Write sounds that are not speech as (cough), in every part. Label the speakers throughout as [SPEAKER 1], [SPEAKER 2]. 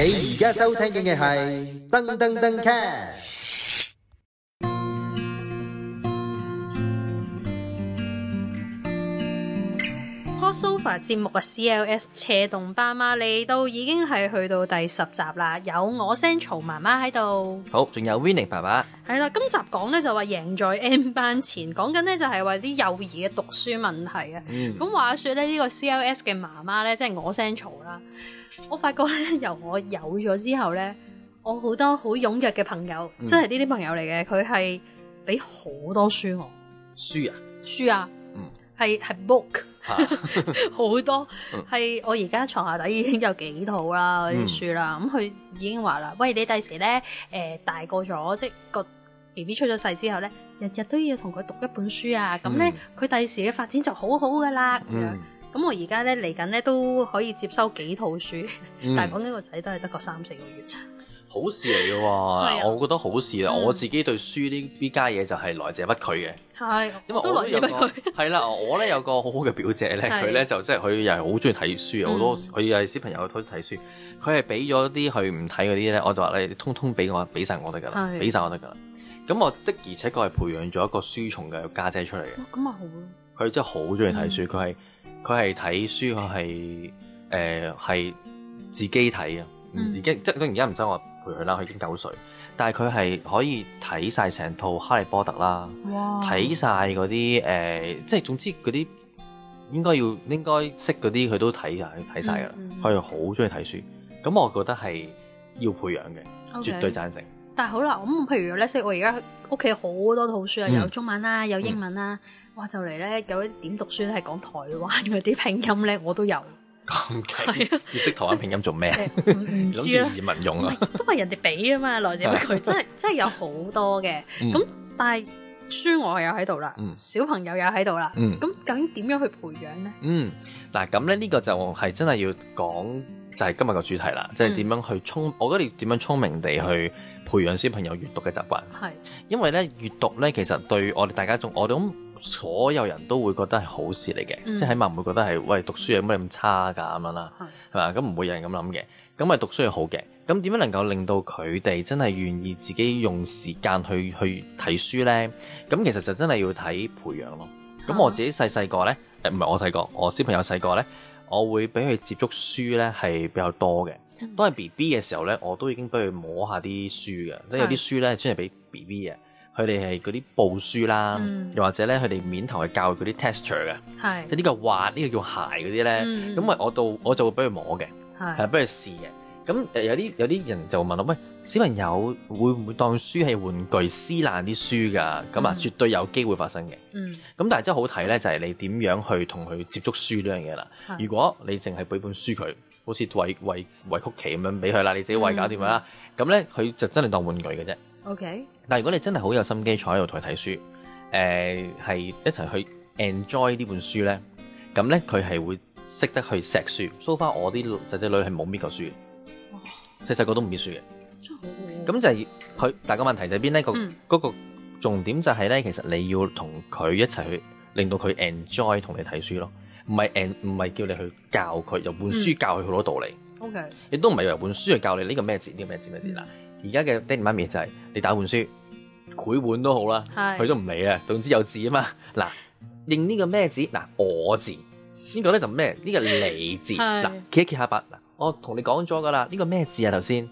[SPEAKER 1] 你而家收聽緊嘅係《燈登登 cast
[SPEAKER 2] Sofa 節目嘅 CLS 斜棟爸媽嚟到已經係去到第十集啦。有我聲嘈媽媽喺度，
[SPEAKER 1] 好，仲有 Winnie 爸爸
[SPEAKER 2] 係啦。今集講咧就話贏在 N 班前，講緊咧就係話啲幼兒嘅讀書問題啊。咁、嗯、話說咧呢、這個 CLS 嘅媽媽咧，即、就、係、是、我聲嘈啦。我發覺咧由我有咗之後咧，我好多好踴躍嘅朋友，即係呢啲朋友嚟嘅，佢係俾好多書我書啊書啊，係係、啊嗯、book。 (laughs) (laughs) 好多係我而家床下底已經有幾套啦，嗰啲書啦，咁佢、嗯、已經話啦，喂你第時咧，誒、呃、大個、就是、個咗，即係個 B B 出咗世之後咧，日日都要同佢讀一本書啊，咁咧佢第時嘅發展就好好噶啦，咁、嗯、我而家咧嚟緊咧都可以接收幾套書，嗯、但係講緊個仔都係得個三四個月
[SPEAKER 1] 好事嚟嘅、啊，對我覺得好事啊！嗯、我自己對書呢呢家嘢就係來者不拒嘅，係
[SPEAKER 2] 對，因為我，有我都有，
[SPEAKER 1] 係啦，我咧有個好好嘅表姐咧，佢咧是就即係佢又係好中意睇書好、嗯、多，佢又係小朋友好中意睇書，佢係俾咗啲佢唔睇嗰啲咧，我就話咧，你通通俾我，俾晒我得㗎啦，俾晒我得㗎啦，咁我，我，我的而且確係培養咗一個書蟲嘅家姐出嚟嘅，
[SPEAKER 2] 咁咪、哦、
[SPEAKER 1] 好佢真係好中意睇書，佢係佢係睇書，佢係誒係自己睇啊，而家、嗯、即係而家唔使我。佢啦，佢已經九歲，但係佢係可以睇晒成套《哈利波特》啦，睇晒嗰啲誒，即係、呃就是、總之嗰啲應該要應該識嗰啲佢都睇晒睇晒噶啦，佢好中意睇書，咁我覺得係要培養嘅，okay，絕對贊成。
[SPEAKER 2] 但係好啦，咁譬如咧，識我而家屋企好多套書啊，嗯、有中文啦，有英文啦，嗯嗯、哇！就嚟咧有啲點讀書係、就是、講台灣嗰啲拼音咧，我都有。咁
[SPEAKER 1] 勁， (laughs) 要識台灣拼音做咩啊？
[SPEAKER 2] 諗住 (laughs) 移民用啊，啊？ (laughs) 都係人哋俾啊嘛，來自佢真係真係有好多嘅。咁、 (laughs) 嗯、但係書我又喺度啦，嗯、小朋友又喺度啦。咁、嗯、究竟點樣去培養咧？嗯，
[SPEAKER 1] 嗱，咁咧呢個就係真係要講就，就係今日個主題啦，即係點樣去聰明，嗯、我覺得你點樣聰明地去培養小朋友閱讀嘅習慣。係，是啊、因為咧，閱讀咧其實對我哋大家仲我哋咁。所有人都會覺得係好事嚟嘅，即係、嗯、起碼唔會覺得係喂，讀書有乜咁差㗎咁樣啦，係嘛、嗯？咁唔會有人咁諗嘅，咁咪讀書係好嘅。咁點樣能夠令到佢哋真係願意自己用時間去去睇書呢？咁其實就真係要睇培養咯。咁我自己細細個呢，誒唔係我細個，我小朋友細個呢，我會俾佢接觸書呢係比較多嘅。嗯、當係 B B 嘅時候呢，我都已經俾佢摸一下啲書嘅，嗯、即係有啲書呢，專係俾 B B 嘅。佢哋係嗰啲布書啦，嗯、又或者咧，佢哋面頭係教佢啲 texture 嘅，即係呢個滑，呢、呢個叫鞋嗰啲咧。咁咪、嗯、我到我就會俾佢摸嘅，係俾佢試嘅。咁誒是有啲有啲人就會問我，喂、哎、小朋友會唔會當書係玩具撕爛啲書㗎？咁啊，絕對有機會發生嘅。咁、嗯、但係真係好睇咧，就係、是、你點樣去同佢接觸書呢樣嘢啦。是如果你淨係俾本書佢。好似喂喂喂曲奇咁樣俾佢啦，你自己喂搞掂佢啦。咁咧佢就真係當玩具嘅啫。OK。但如果你真係好有心機坐喺度同佢睇書，誒、呃、係一齊去 enjoy 呢本書咧，咁咧佢係會識得去錫書。So far 我啲仔仔女係冇撕過書，細細個都唔撕書嘅。咁好就係佢，但個問題就係邊咧個個重點就係咧，其實你要同佢一齊去令到佢 enjoy 同你睇書咯。唔係誒，唔係叫你去教佢，由本書教佢好多道理。OK，亦都唔係由本書去教你呢個咩字，呢個咩字咩字啦。而家嘅爹哋媽咪就係、是、你打本書，繪本是都好啦，佢都唔理啊。總之有字啊嘛。嗱，認呢個咩字？嗱，我字、這個、呢、就是什麼這個咧就咩？呢個你字。嗱是，企一企下巴。嗱，我同你講咗噶啦，呢個咩字啊？頭先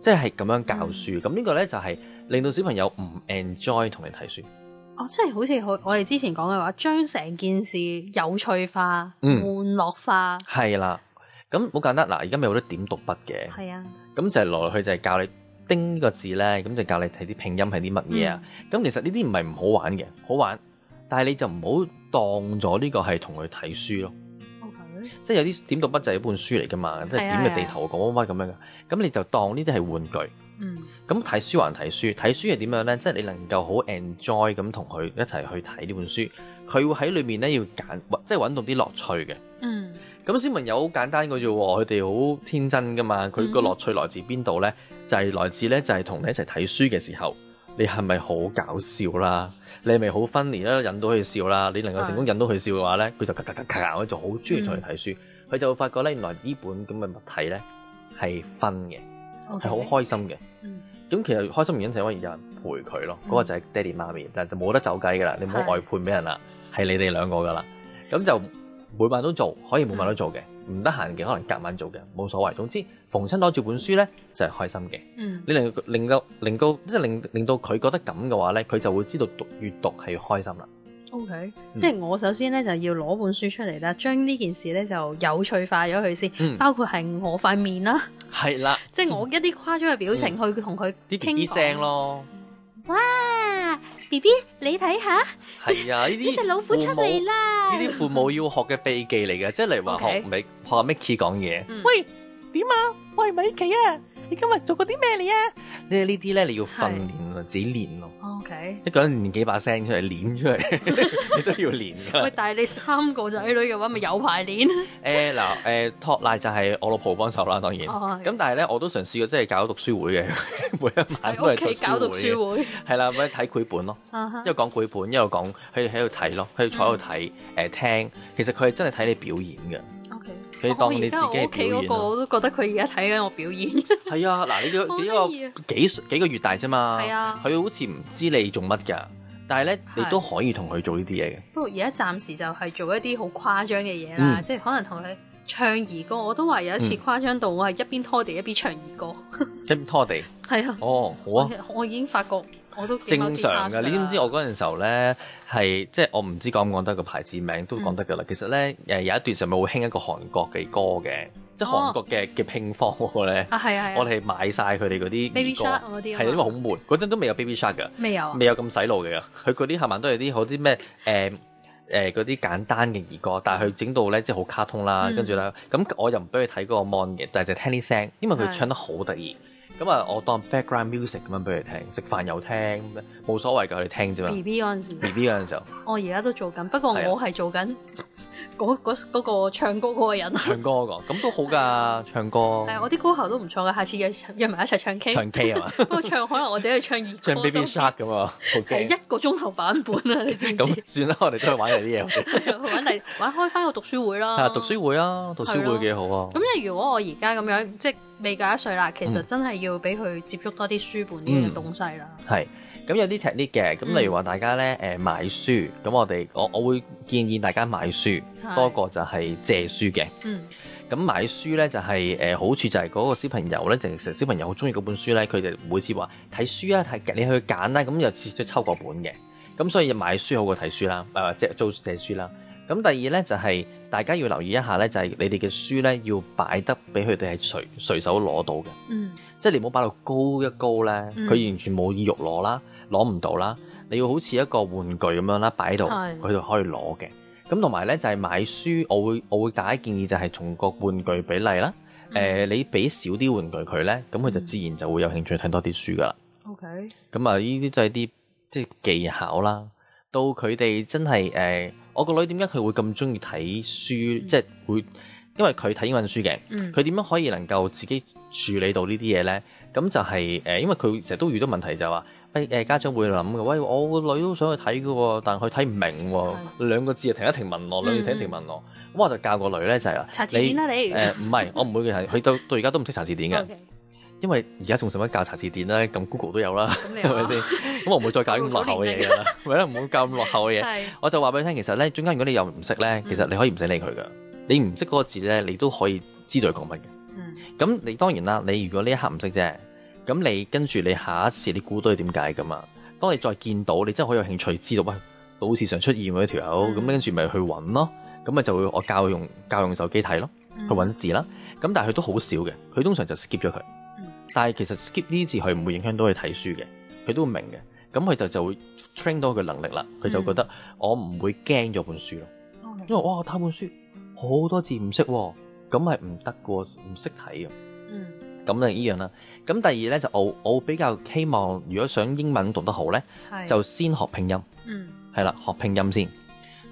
[SPEAKER 1] 即係咁樣教書。咁、嗯、呢個咧就係、是、令到小朋友唔 enjoy 同你睇書。
[SPEAKER 2] 哦，即係好似我我哋之前講嘅話，將成件事有趣化、嗯、玩樂化，
[SPEAKER 1] 係啦。咁好簡單嗱，而家咪好多點讀筆嘅，係啊的。咁就係來來去就係教你叮個字咧，咁就教你睇啲拼音係啲乜嘢啊。咁、嗯、其實呢啲唔係唔好玩嘅，好玩。但係你就唔好當咗呢個係同佢睇書咯。即係有啲點讀筆就係一本書嚟噶嘛，即係點嘅地圖講乜咁樣嘅，咁你就當呢啲係玩具。嗯，咁睇書還睇書，睇書係點樣呢？即係你能夠好 enjoy 咁同佢一齊去睇呢本書，佢會喺裏面呢要揀，即係揾到啲樂趣嘅。嗯，咁小朋友好簡單嘅啫喎，佢哋好天真噶嘛，佢個樂趣來自邊度呢？就係來自呢，就係同你一齊睇書嘅時候。你係咪好搞笑啦？你係咪好分裂啦？引到佢笑啦？你能夠成功引到佢笑嘅話咧，佢的就咔咔咔咔，佢就好中意同你睇書。佢、嗯、就發覺咧，原來呢本咁嘅物體咧係分嘅，係好 Okay 開心嘅。咁、嗯、其實開心原因係因為有人陪佢咯。嗰、嗯、個就係爹哋媽咪，但係就冇得走雞噶啦。你唔好外判俾人啦，係的你哋兩個噶啦。咁就每晚都做，可以每晚都做嘅。嗯唔得閒嘅，可能隔晚做嘅，冇所謂。總之，逢親攞住本書咧，就係、是、開心嘅。嗯，你令令到令到即係令令到佢覺得咁嘅話咧，佢就會知道讀閱讀係要開心啦。OK，、嗯、即係
[SPEAKER 2] 我首先咧就要攞本書出嚟啦，將呢件事咧就有趣化咗佢先，嗯、包括係我塊面、啊、是啦。
[SPEAKER 1] 係啦，
[SPEAKER 2] 即係我一啲誇張嘅表情、嗯、去同佢傾聲咯。啊 B B，你睇下，
[SPEAKER 1] 係啊，呢隻
[SPEAKER 2] 老虎出嚟啦！呢啲父
[SPEAKER 1] 母要學嘅秘技嚟嘅， (laughs) 即係嚟 Okay. 話學學 Mickey 講嘢。嗯、喂，點啊？喂，米奇啊！你今日做過啲咩嚟啊？你呢啲呢呢啲咧，你要訓練是自己練咯。
[SPEAKER 2] OK。
[SPEAKER 1] 一個人練幾把聲出嚟，練出嚟， (laughs) (laughs) 你都要練。喂， (laughs)
[SPEAKER 2] 但係你三個仔女嘅話，咪有排練。
[SPEAKER 1] 誒嗱誒，託賴、欸、就係我老婆幫手啦，當然。咁、oh, right. 但係咧，我都嘗試過真係搞讀書會嘅， (laughs) 每一晚都係喺屋企搞讀書會。係 (laughs) 啦，咁睇繪本咯，uh huh. 一為講繪本，因為講，佢哋喺度睇咯，坐喺度睇，誒、mm. 呃、聽。其實佢係真係睇你表演嘅。佢當然你自己表演。我
[SPEAKER 2] 都覺得佢而家睇緊我表演。
[SPEAKER 1] 係啊，嗱，你，你個呢個幾，幾個月大啫嘛。係啊，佢好似唔知你做乜噶，但係咧，是你都可以同佢做呢啲嘢嘅。
[SPEAKER 2] 不過而家暫時就係做一啲好誇張嘅嘢啦，嗯、即係可能同佢唱兒歌。我都話有一次誇張到、嗯、我係一邊拖地一邊唱兒歌。
[SPEAKER 1] 一 (laughs) 邊拖地。係啊。哦，好啊我。
[SPEAKER 2] 我已經發覺。我都正常噶，你知唔知
[SPEAKER 1] 我嗰陣時候咧係即係我唔知講唔講得個牌子名都講得噶啦。嗯、其實咧誒有一段時候咪會興一個韓國嘅歌嘅，哦、即係韓國嘅嘅拼方咧啊啊！係我哋係買晒佢哋嗰啲兒歌，係因為好悶嗰陣都未有 baby shark 噶，未有未有咁洗腦嘅。佢嗰啲係咪都係啲好啲咩誒誒嗰啲簡單嘅兒歌，但係佢整到咧即係好卡通啦，跟住咧咁我又唔俾佢睇嗰個 mon 嘅，但係就聽啲聲，因為佢唱得好得意。咁啊，我當 background music 咁樣俾佢聽，食飯又聽，冇所謂噶，佢哋聽啫嘛。B B 嗰陣時，B B 嗰陣時候，
[SPEAKER 2] 我而家都做緊，不過我係做緊嗰個唱歌嗰個人。
[SPEAKER 1] 唱歌嗰個，咁都好噶，唱歌。係
[SPEAKER 2] 我啲歌喉都唔錯噶，下次約約埋一齊唱 K。唱 K 係嘛？不過唱可能我哋去唱兒歌唱 B B
[SPEAKER 1] shark 咁啊！好驚。一
[SPEAKER 2] 個鐘頭版本啊！你知唔知？咁
[SPEAKER 1] 算啦，我哋都係玩曬啲嘢。玩嚟
[SPEAKER 2] 玩開翻個讀書會啦。讀書
[SPEAKER 1] 讀書會啊，讀書會幾好啊。咁
[SPEAKER 2] 即係如果我而家咁樣即係。未夠一歲啦，其實真係要俾佢接觸多啲書本呢啲東西啦、嗯。
[SPEAKER 1] 係西，咁有啲 technique 嘅，咁例如話大家咧，誒、嗯、買書，咁我哋我我會建議大家買書多過是 就係借書嘅。嗯，咁買書咧就係、是、誒、呃、好處就係嗰個小朋友咧，就其實小朋友好中意嗰本書咧，佢哋每次話睇書啊，睇你去揀啦，咁又次出抽個本嘅，咁所以買書好過睇書啦，誒、呃、借租借、借書啦。咁第二咧就係、是、大家要留意一下咧，就係、是、你哋嘅書咧要擺得俾佢哋係隨隨手攞到嘅，嗯、即係你唔好擺到高一高咧，佢、嗯、完全冇意欲攞啦，攞唔到啦。你要好似一個玩具咁樣啦，擺喺度佢就可以攞嘅。咁同埋咧就係、是、買書，我會我會大啲建議就係從個玩具比例啦，嗯呃、你俾少啲玩具佢咧，咁佢就自然就會有興趣睇多啲書噶啦。OK，咁、嗯、啊呢啲都係啲即係技巧啦。到佢哋真係誒我個女點解佢會咁中意睇書？即係、嗯、會，因為佢睇英文書嘅。佢點樣可以能夠自己處理到呢啲嘢呢？咁就係、是、誒，因為佢成日都遇到問題，就係話誒家長會諗嘅。喂，我個女都想去睇嘅喎，但係佢睇唔明喎，兩個字啊停一停問我，、嗯、我，兩個字就停一停問我。咁、嗯、我就教個女呢、就係，就係啦，查字典啦你。誒唔係，我唔會嘅係，佢 (laughs) 到到而家都唔識查字典嘅。Okay. 因為而家仲使乜教查字典咧？咁 Google 都有啦，係咪先？咁 (laughs) (laughs) 我唔會再教啲咁落後嘅嘢㗎啦，係啦， (laughs) 唔好教咁落後嘅嘢。我就話俾你聽，其實咧中間如果你又唔識咧，其實你可以唔使理佢㗎、嗯。你唔識嗰個字咧，你都可以知道佢講乜嘅。咁、嗯、你當然啦，你如果呢一刻唔識啫，咁你跟住你下一次你估到係點解㗎嘛？當你再見到你真係好有興趣知道，喂老是常出現嗰條友咁，嗯、你跟住咪去揾咯。咁咪就會我教用教用手機睇咯，去揾字啦。咁、嗯、但係佢都好少嘅，佢通常就 skip 咗佢。但係其實 skip 呢字佢唔會影響到佢睇書嘅，佢都會明嘅，咁佢就就會 train 到佢能力啦，佢就覺得我唔會驚咗本書咯，嗯、因為哇我睇本書好多字唔識，咁係唔得噶，唔識睇啊，咁就係呢樣啦，咁第二咧就我我比較希望如果想英文讀得好咧，是就先學拼音，係啦、嗯、學拼音先，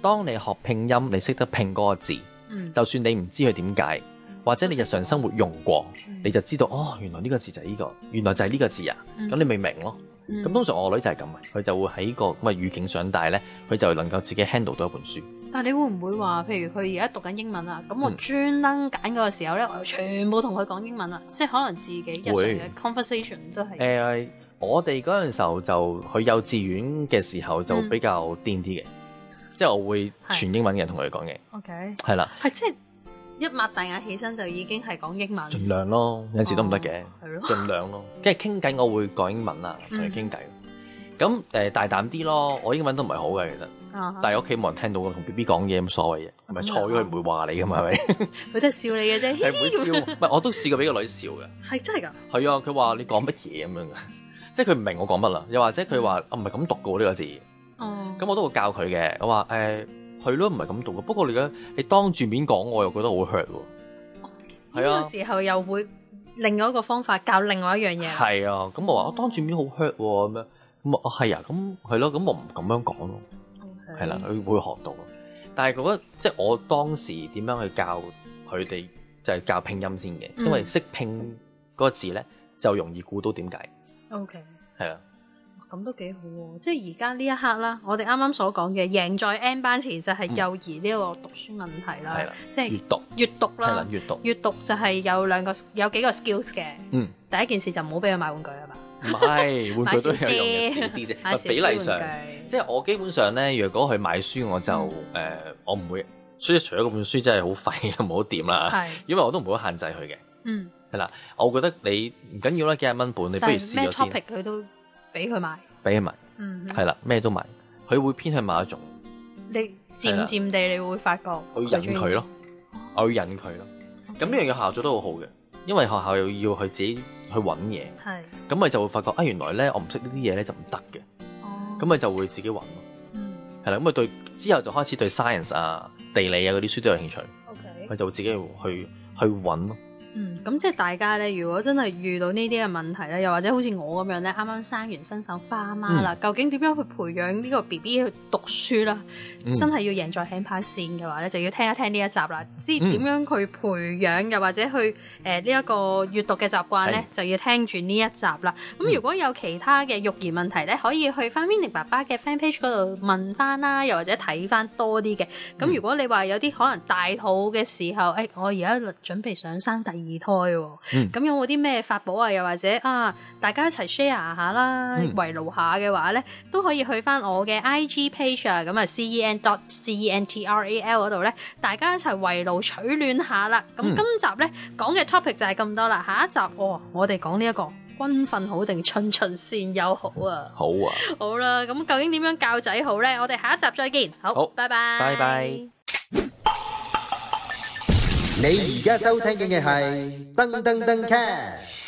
[SPEAKER 1] 當你學拼音你識得拼嗰個字，嗯、就算你唔知佢點解。或者你日常生活用過，你就知道哦，原來呢個字就係呢個，原來就係呢個字啊！咁你咪明咯。咁通常我女就係咁啊，佢就會喺個咁嘅語境上大咧，佢就能夠自己 handle 到一本書。
[SPEAKER 2] 但係你會唔會話，譬如佢而家讀緊英文啊，咁我專登揀嗰個時候咧，我全部同佢講英文啊，即係可能自己日常嘅 conversation 都
[SPEAKER 1] 係。誒，我哋嗰陣時候就去幼稚園嘅時候就比較癲啲嘅，即係我會全英文嘅人同佢講嘅。
[SPEAKER 2] OK，係啦，係即係。一擘大眼起身就已經係講英文。盡
[SPEAKER 1] 量咯，有陣時都唔得嘅，盡量咯。跟住傾偈我會講英文啦，同佢傾偈。咁誒，大膽啲咯，我英文都唔係好嘅其實，但係屋企冇人聽到，我同 B B 講嘢冇所謂嘅，唔係錯咗佢唔會話你噶嘛，係咪？
[SPEAKER 2] 佢都係笑你嘅啫，唔會笑。唔
[SPEAKER 1] 係我都試過俾個女笑嘅，
[SPEAKER 2] 係真
[SPEAKER 1] 係㗎。係啊，佢話你講乜嘢咁樣嘅，即係佢唔明我講乜啦，又或者佢話我唔係咁讀嘅呢個字。哦。咁我都會教佢嘅，我話誒。係咯，唔係咁讀嘅。不過你而家你當住面講，我又覺得好 hurt 喎。係啊，時
[SPEAKER 2] 候又會另外一個方法教另外一樣嘢。係
[SPEAKER 1] 啊，咁、嗯嗯、我話我當住面好 hurt 喎咁樣，咁啊係啊，咁係咯，咁我唔咁樣講咯，係啦，佢會學到。但係覺得，即係我當時點樣去教佢哋就係教拼音先嘅，嗯、因為識拼嗰個字咧就容易估到點解。OK，係啊。
[SPEAKER 2] 咁都幾好喎！即係而家呢一刻啦，我哋啱啱所講嘅贏在 N 班前就係幼兒呢個讀書問題啦，即係閱讀啦，閱讀就係有兩個有幾個 skills 嘅。嗯，第一件事就唔好俾佢買玩具啊
[SPEAKER 1] 嘛。唔係，玩具都比例上，即係我基本上咧，如果佢買書，我就誒，我唔會所以除咗本書真係好廢，冇得掂啦。係，因為我都唔會限制佢嘅。嗯，係啦，我覺得你唔緊要啦，幾廿蚊本，你不如試
[SPEAKER 2] 咗先。俾佢買，俾佢買，係啦、
[SPEAKER 1] 嗯哼，咩都買，佢會偏向某一種。
[SPEAKER 2] 你漸漸地你會發覺他會，去引佢咯，
[SPEAKER 1] 我要、哦、引佢咯。咁呢、哦、樣嘢效果都很好好嘅，因為學校又要去自己去揾嘢，咁咪是就會發覺啊，原來咧我唔識呢啲嘢咧就唔得嘅，咁咪、哦、就會自己揾咯。係啦、嗯，咁咪對之後就開始對 science 啊、地理啊嗰啲書都有興趣，佢、哦、就自己去去揾咯。嗯。
[SPEAKER 2] 咁即係大家咧，如果真係遇到呢啲嘅問題咧，又或者好似我咁樣咧，啱啱生完新手爸媽啦，嗯、究竟點樣去培養呢個 B B 去讀書啦？嗯、真係要贏在起跑線嘅話咧，就要聽一聽呢一集啦。知點樣去培養又或者去誒、呃這個、呢一個閱讀嘅習慣咧，嗯、就要聽住呢一集啦。咁、嗯、如果有其他嘅育兒問題咧，可以去翻 Mini 爸爸嘅 Fan Page 嗰度問翻啦，又或者睇翻多啲嘅。咁如果你話有啲可能大肚嘅時候，誒、哎、我而家準備想生第二胎。開咁、嗯、有冇啲咩法寶啊？又或者啊，大家一齊 share 下啦，圍爐、嗯、下嘅話咧，都可以去翻我嘅 IG page 啊，咁啊 C E N dot C E N T R A L 嗰度咧，大家一齊圍爐取暖下啦。咁今集咧講嘅 topic 就係咁多啦，下一集、哦、我我哋講呢一個軍訓好定循循善誘好啊，
[SPEAKER 1] 好啊，
[SPEAKER 2] 好啦，咁究竟點樣教仔好咧？我哋下一集再見，好，拜拜，拜
[SPEAKER 1] 拜。你而家收聽嘅係噔噔噔 cast。